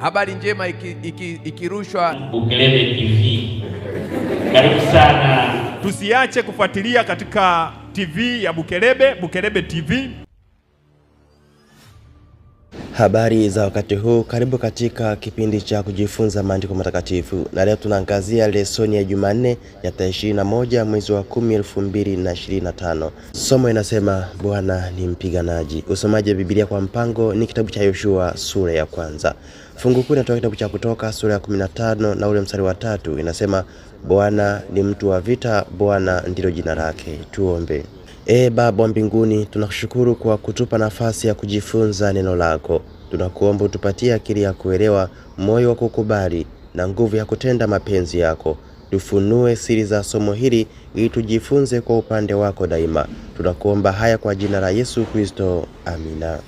Habari njema ikirushwa iki, iki Bukelebe TV, karibu sana. Tusiache kufuatilia katika TV ya Bukelebe, Bukelebe TV. Habari za wakati huu, karibu katika kipindi cha kujifunza maandiko matakatifu, na leo tunaangazia lesoni ya Jumanne ya tarehe 21 mwezi wa 10 2025. Somo inasema Bwana ni mpiganaji. Usomaji wa Biblia kwa mpango ni kitabu cha Yoshua sura ya kwanza. Fungu kuu inatoka kitabu cha Kutoka sura ya 15 na ule mstari wa tatu, inasema Bwana ni mtu wa vita, Bwana ndilo jina lake. Tuombe. Ee Baba wa mbinguni, tunakushukuru kwa kutupa nafasi ya kujifunza neno lako. Tunakuomba utupatie akili ya kuelewa, moyo wa kukubali na nguvu ya kutenda mapenzi yako tufunue siri za somo hili ili tujifunze kwa upande wako daima. Tunakuomba haya kwa jina la Yesu Kristo, amina.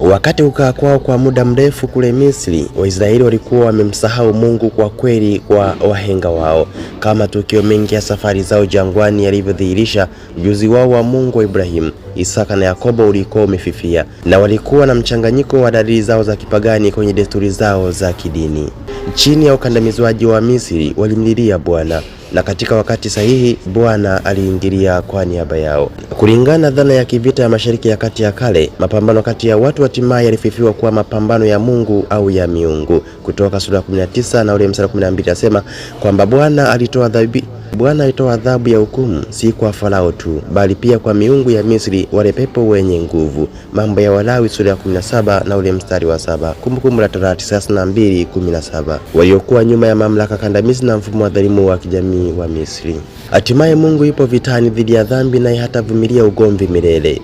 Wakati ukaa kwao kwa muda mrefu kule Misri, Waisraeli walikuwa wamemsahau Mungu kwa kweli kwa wahenga wao, kama tukio mengi ya safari zao jangwani yalivyodhihirisha ujuzi wao wa Mungu wa Ibrahimu, Isaka na Yakobo ulikuwa umefifia, na walikuwa na mchanganyiko wa dalili zao za kipagani kwenye desturi zao za kidini chini ya ukandamizwaji wa Misri walimlilia Bwana na katika wakati sahihi Bwana aliingilia kwa niaba yao. Kulingana na dhana ya kivita ya Mashariki ya Kati ya kale, mapambano kati ya watu hatimaye yalififiwa kuwa mapambano ya Mungu au ya miungu. Kutoka sura ya 19 na ule mstari 12 asema kwamba Bwana alitoa dhabihu Bwana alitoa adhabu ya hukumu si kwa Farao tu, bali pia kwa miungu ya Misri, wale pepo wenye nguvu. Mambo ya Walawi sura ya 17 na ule mstari wa saba. Kumbukumbu la Torati 32:17, waliokuwa nyuma ya mamlaka kandamizi na mfumo wa dhalimu wa kijamii wa Misri. Hatimaye Mungu yupo vitani dhidi ya dhambi, naye hatavumilia ugomvi milele.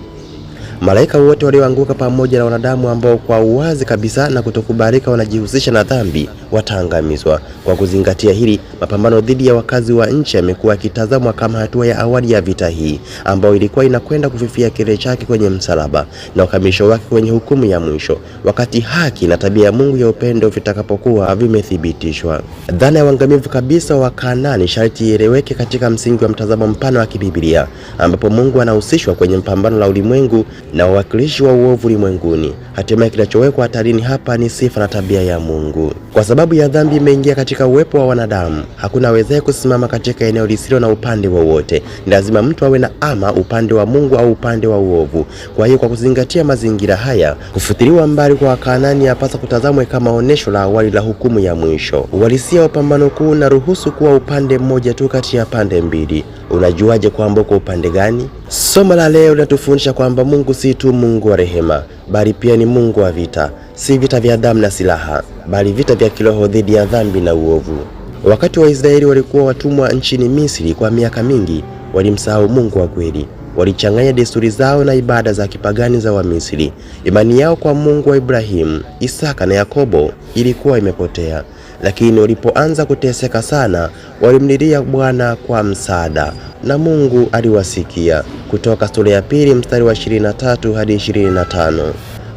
Malaika wote walioanguka pamoja na wanadamu ambao kwa uwazi kabisa na kutokubalika wanajihusisha na dhambi wataangamizwa. Kwa kuzingatia hili, Mapambano dhidi ya wakazi wa nchi yamekuwa yakitazamwa kama hatua ya awali ya vita hii ambayo ilikuwa inakwenda kufifia kilele chake kwenye msalaba na ukamilisho wake kwenye hukumu ya mwisho, wakati haki na tabia ya Mungu ya upendo vitakapokuwa vimethibitishwa. Dhana ya uangamivu kabisa wa Kanaani sharti ieleweke katika msingi wa mtazamo mpana wa kibiblia, ambapo Mungu anahusishwa kwenye mpambano la ulimwengu na wawakilishi wa uovu ulimwenguni. Hatimaye kinachowekwa hatarini hapa ni sifa na tabia ya Mungu. Kwa sababu ya dhambi imeingia katika uwepo wa wanadamu Hakuna awezaye kusimama katika eneo lisilo na upande wowote. Ni lazima mtu awe na ama upande wa Mungu au upande wa uovu. Kwa hiyo, kwa kuzingatia mazingira haya, kufutiliwa mbali kwa Wakanaani yapasa kutazamwe kama onesho la awali la hukumu ya mwisho. Uhalisia wa pambano kuu unaruhusu kuwa upande mmoja tu kati ya pande mbili. Unajuaje kwamba uko upande gani? Somo la leo linatufundisha kwamba Mungu si tu Mungu wa rehema, bali pia ni Mungu wa vita. Si vita vya damu na silaha, bali vita vya kiroho dhidi ya dhambi na uovu. Wakati Waisraeli walikuwa watumwa nchini Misri kwa miaka mingi, walimsahau Mungu wa kweli. Walichanganya desturi zao na ibada za kipagani za Wamisri. Imani yao kwa Mungu wa Ibrahimu, Isaka na Yakobo ilikuwa imepotea, lakini walipoanza kuteseka sana, walimlilia Bwana kwa msaada na Mungu aliwasikia. Kutoka sura ya pili mstari wa 23 hadi 25.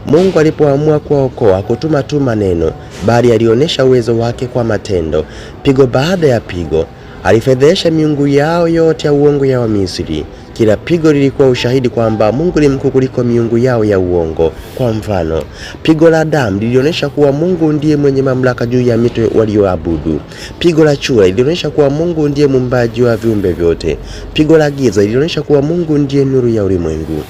Mungu alipoamua kuwaokoa kutuma tu maneno, bali alionyesha uwezo wake kwa matendo, pigo baada ya pigo. Alifedhesha miungu yao yote ya uongo ya Wamisri. Kila pigo lilikuwa ushahidi kwamba Mungu ni mkuu kuliko miungu yao ya uongo. Kwa mfano, pigo la damu lilionyesha kuwa Mungu ndiye mwenye mamlaka juu ya mito walioabudu. Pigo la chura lilionyesha kuwa Mungu ndiye mumbaji wa viumbe vyote. Pigo la giza lilionyesha kuwa Mungu ndiye nuru ya ulimwengu.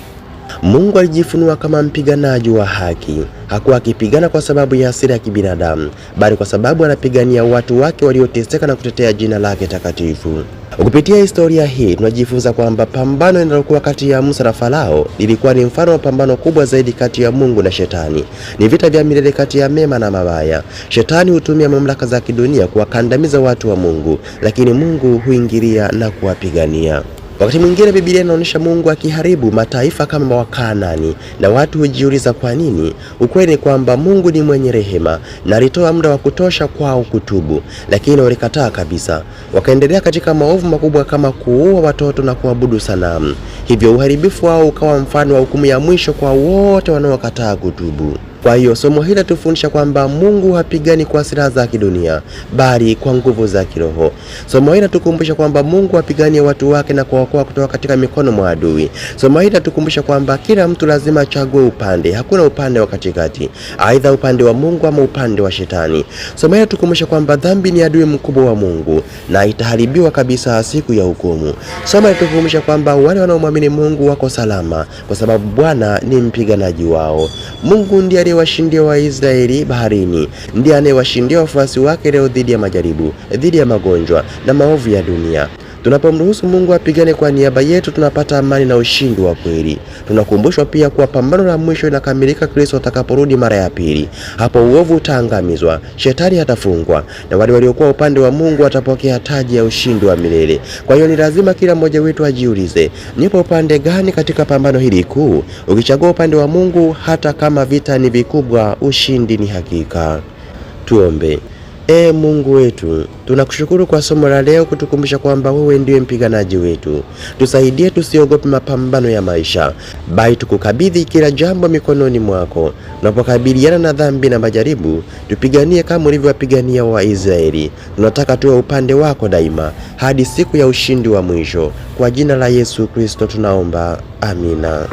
Mungu alijifunua kama mpiganaji wa haki. Hakuwa akipigana kwa sababu ya hasira ya kibinadamu, bali kwa sababu anapigania watu wake walioteseka na kutetea jina lake takatifu. Kupitia historia hii tunajifunza kwamba pambano linalokuwa kati ya Musa na Farao lilikuwa ni mfano wa pambano kubwa zaidi kati ya Mungu na Shetani. Ni vita vya milele kati ya mema na mabaya. Shetani hutumia mamlaka za kidunia kuwakandamiza watu wa Mungu, lakini Mungu huingilia na kuwapigania. Wakati mwingine Biblia inaonyesha Mungu akiharibu mataifa kama Wakanani, na watu hujiuliza kwa nini. Ukweli ni kwamba Mungu ni mwenye rehema na alitoa muda wa kutosha kwao kutubu, lakini walikataa kabisa. Wakaendelea katika maovu makubwa kama kuua watoto na kuabudu sanamu. Hivyo uharibifu wao ukawa mfano wa hukumu ya mwisho kwa wote wanaokataa kutubu. Kwa hiyo somo hili latufundisha kwamba Mungu hapigani kwa silaha za kidunia, bali kwa nguvu za kiroho. Somo hili latukumbusha kwamba Mungu hapigania watu wake na kuwaokoa kutoka katika mikono mwa adui. Somo hili latukumbusha kwamba kila mtu lazima achague upande, hakuna upande wa katikati, aidha upande wa Mungu ama upande wa Shetani. Somo hili latukumbusha kwamba dhambi ni adui mkubwa wa Mungu na itaharibiwa kabisa siku ya hukumu. Somo litufundisha kwamba wale wanaomwamini Mungu wako salama, kwa sababu Bwana ni mpiganaji wao. Mungu ndiye wa Waisraeli baharini, ndiye anayewashindia wafuasi wake leo dhidi ya majaribu, dhidi ya magonjwa na maovu ya dunia. Tunapomruhusu Mungu apigane kwa niaba yetu, tunapata amani na ushindi wa kweli. Tunakumbushwa pia kuwa pambano la mwisho linakamilika Kristo atakaporudi mara ya pili. Hapo uovu utaangamizwa, shetani atafungwa, na wale waliokuwa upande wa Mungu watapokea taji ya ushindi wa milele. Kwa hiyo ni lazima kila mmoja wetu ajiulize, nipo upande gani katika pambano hili kuu? Ukichagua upande wa Mungu, hata kama vita ni vikubwa, ushindi ni hakika. Tuombe. Ee Mungu wetu, tunakushukuru kwa somo la leo kutukumbusha kwamba wewe ndiye mpiganaji wetu. Tusaidie tusiogope mapambano ya maisha, bali tukukabidhi kila jambo mikononi mwako. Tunapokabiliana na dhambi na majaribu, tupiganie kama ulivyowapigania Waisraeli. Tunataka tuwe upande wako daima hadi siku ya ushindi wa mwisho. Kwa jina la Yesu Kristo tunaomba, amina.